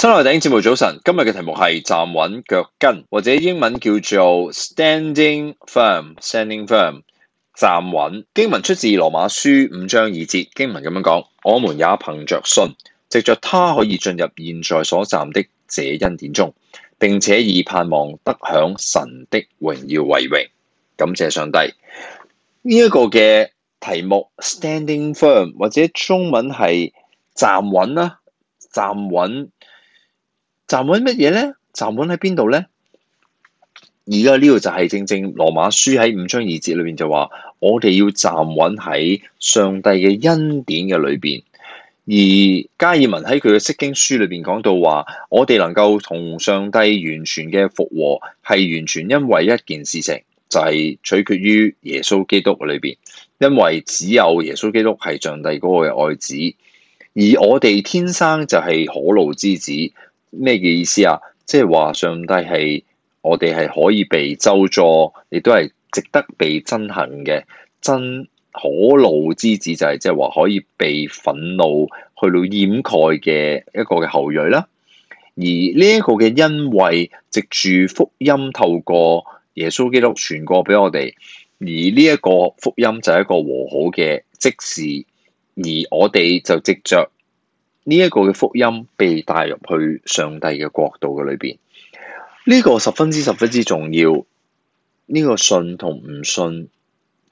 新來頂節目早晨，今日嘅題目係站穩腳跟，或者英文叫做 standing firm，standing firm 站穩。經文出自羅馬書五章二節，經文咁樣講：我們也憑着信，藉着祂可以進入現在所站的這恩典中，並且以盼望得享神的榮耀為榮。感謝上帝，呢、這、一個嘅題目 standing firm 或者中文係站穩啦，站穩。站穩乜嘢咧？站穩喺邊度咧？而家呢度就係正正羅馬書喺五章二節裏邊就話，我哋要站穩喺上帝嘅恩典嘅裏邊。而加爾文喺佢嘅釋經書裏邊講到話，我哋能夠同上帝完全嘅復和，係完全因為一件事情，就係取決於耶穌基督裏邊。因為只有耶穌基督係上帝嗰個嘅愛子，而我哋天生就係可怒之子。咩嘅意思啊？即係話，上帝係我哋係可以被咒詛，亦都係值得被憎恨嘅，真可怒之子就係即係話可以被憤怒去到掩蓋嘅一個嘅後裔啦。而呢一個嘅恩惠藉住福音透過耶穌基督傳過俾我哋，而呢一個福音就係一個和好嘅職事，而我哋就藉着。呢一個嘅福音被帶入去上帝嘅國度嘅裏邊，呢個十分之十分之重要。呢個信同唔信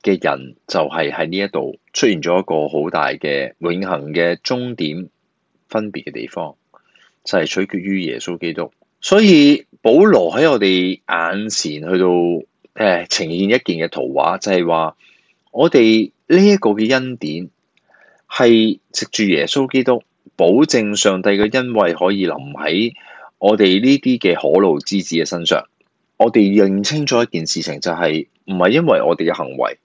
嘅人就係喺呢一度出現咗一個好大嘅永恒嘅終點分別嘅地方，就係取決於耶穌基督。所以保羅喺我哋眼前去到誒呈現一件嘅圖畫，就係話我哋呢一個嘅恩典係藉住耶穌基督。保證上帝嘅恩惠可以臨喺我哋呢啲嘅可怒之子嘅身上，我哋認清楚一件事情，就係唔係因為我哋嘅行為，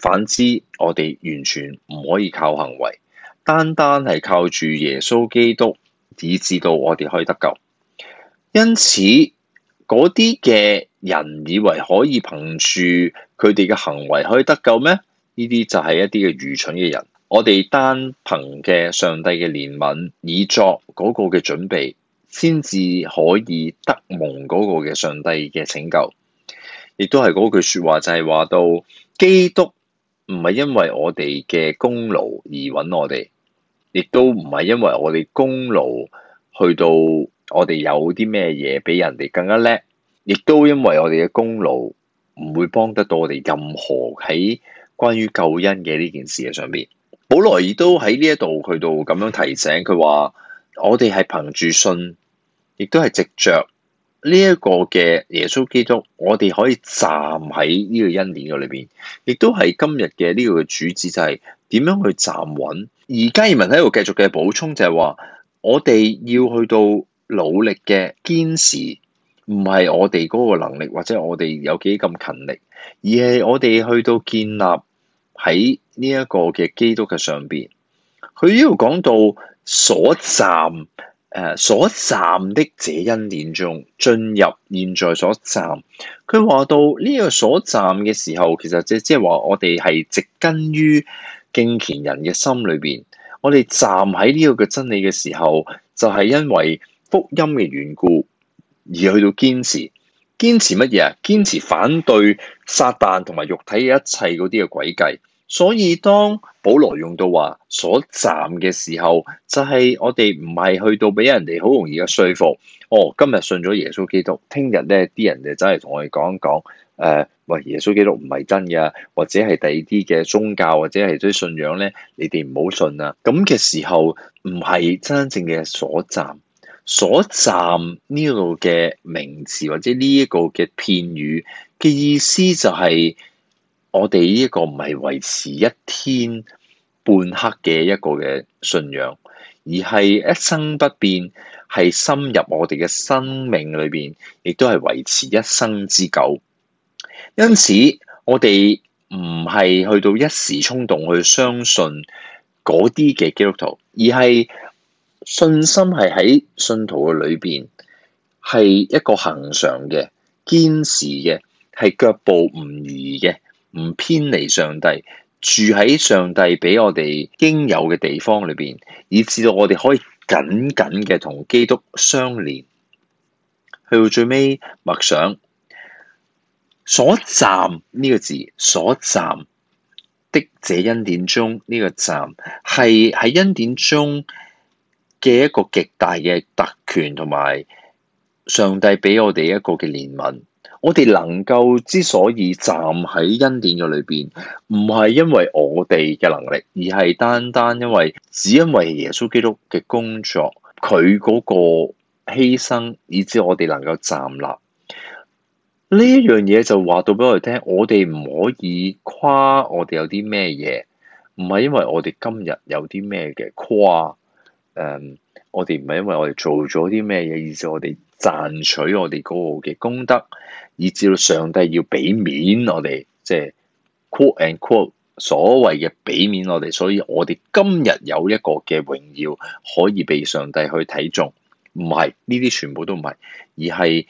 反之我哋完全唔可以靠行為，單單係靠住耶穌基督，以至到我哋可以得救。因此，嗰啲嘅人以為可以憑住佢哋嘅行為可以得救咩？呢啲就係一啲嘅愚蠢嘅人。我哋單憑嘅上帝嘅憐憫，以作嗰個嘅準備，先至可以得蒙嗰個嘅上帝嘅拯救。亦都係嗰句說話，就係話到基督唔係因為我哋嘅功勞而揾我哋，亦都唔係因為我哋功勞去到我哋有啲咩嘢比人哋更加叻，亦都因為我哋嘅功勞唔會幫得到我哋任何喺關於救恩嘅呢件事嘅上邊。保羅亦都喺呢一度去到咁樣提醒佢話，我哋係憑住信，亦都係藉着呢一、這個嘅耶穌基督，我哋可以站喺呢個恩典嘅裏邊，亦都係今日嘅呢個嘅主旨就係、是、點樣去站穩。而加爾文喺度繼續嘅補充就係話，我哋要去到努力嘅堅持，唔係我哋嗰個能力或者我哋有幾咁勤力，而係我哋去到建立，喺呢一個嘅基督嘅上邊，佢呢度講到所站，誒所站的這恩年恩典中進入現在所站。佢話到呢個所站嘅時候，其實即即係話我哋係植根於敬虔人嘅心裏邊。我哋站喺呢個嘅真理嘅時候，就係、是、因為福音嘅緣故而去到堅持。堅持乜嘢啊？堅持反對撒旦同埋肉體嘅一切嗰啲嘅詭計。所以當保羅用到話所站嘅時候，就係、是、我哋唔係去到俾人哋好容易嘅說服。哦，今日信咗耶穌基督，聽日咧啲人就走嚟同我哋講一講，誒，喂，耶穌基督唔係真㗎，或者係第二啲嘅宗教，或者係啲信仰咧，你哋唔好信啦。咁嘅時候，唔係真正嘅所站。所站呢度嘅名詞或者呢一個嘅片語嘅意思就係、是。我哋呢個唔係維持一天半刻嘅一個嘅信仰，而係一生不變，係深入我哋嘅生命裏邊，亦都係維持一生之久。因此，我哋唔係去到一時衝動去相信嗰啲嘅基督徒，而係信心係喺信徒嘅裏邊，係一個恆常嘅、堅持嘅、係腳步唔移嘅。唔偏離上帝，住喺上帝畀我哋應有嘅地方裏邊，以至到我哋可以緊緊嘅同基督相連，去到最尾默想，所站呢個字，所站的這恩典中呢個站，係喺恩典中嘅一個極大嘅特權，同埋上帝畀我哋一個嘅憐憫。我哋能夠之所以站喺恩典嘅裏邊，唔係因為我哋嘅能力，而係單單因為只因為耶穌基督嘅工作，佢嗰個犧牲，以至我哋能夠站立。呢一樣嘢就話到俾我哋聽，我哋唔可以誇我哋有啲咩嘢，唔係因為我哋今日有啲咩嘅誇，誒，我哋唔係因為我哋做咗啲咩嘢，以至我哋賺取我哋嗰個嘅功德。以至到上帝要俾面我哋，即係 quote and quote 所謂嘅俾面我哋，所以我哋今日有一個嘅榮耀可以被上帝去睇中，唔係呢啲，全部都唔係，而係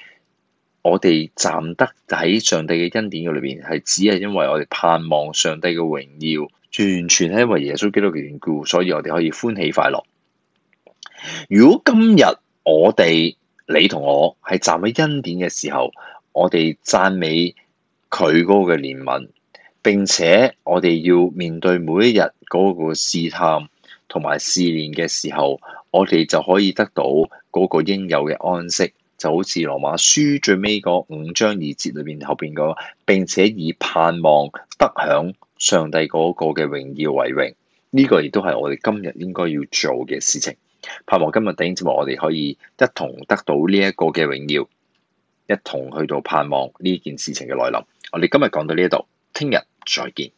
我哋站得喺上帝嘅恩典嘅裏邊，係只係因為我哋盼望上帝嘅榮耀，完全係因為耶穌基督嘅緣故，所以我哋可以歡喜快樂。如果今日我哋你同我係站喺恩典嘅時候，我哋讚美佢嗰個嘅憐憫，並且我哋要面對每一日嗰個試探同埋試煉嘅時候，我哋就可以得到嗰個應有嘅安息，就好似羅馬書最尾嗰五章二節裏面後邊嗰，並且以盼望得享上帝嗰個嘅榮耀為榮。呢個亦都係我哋今日應該要做嘅事情。盼望今日弟兄姊妹，我哋可以一同得到呢一個嘅榮耀。一同去到盼望呢件事情嘅來臨。我哋今日講到呢度，聽日再見。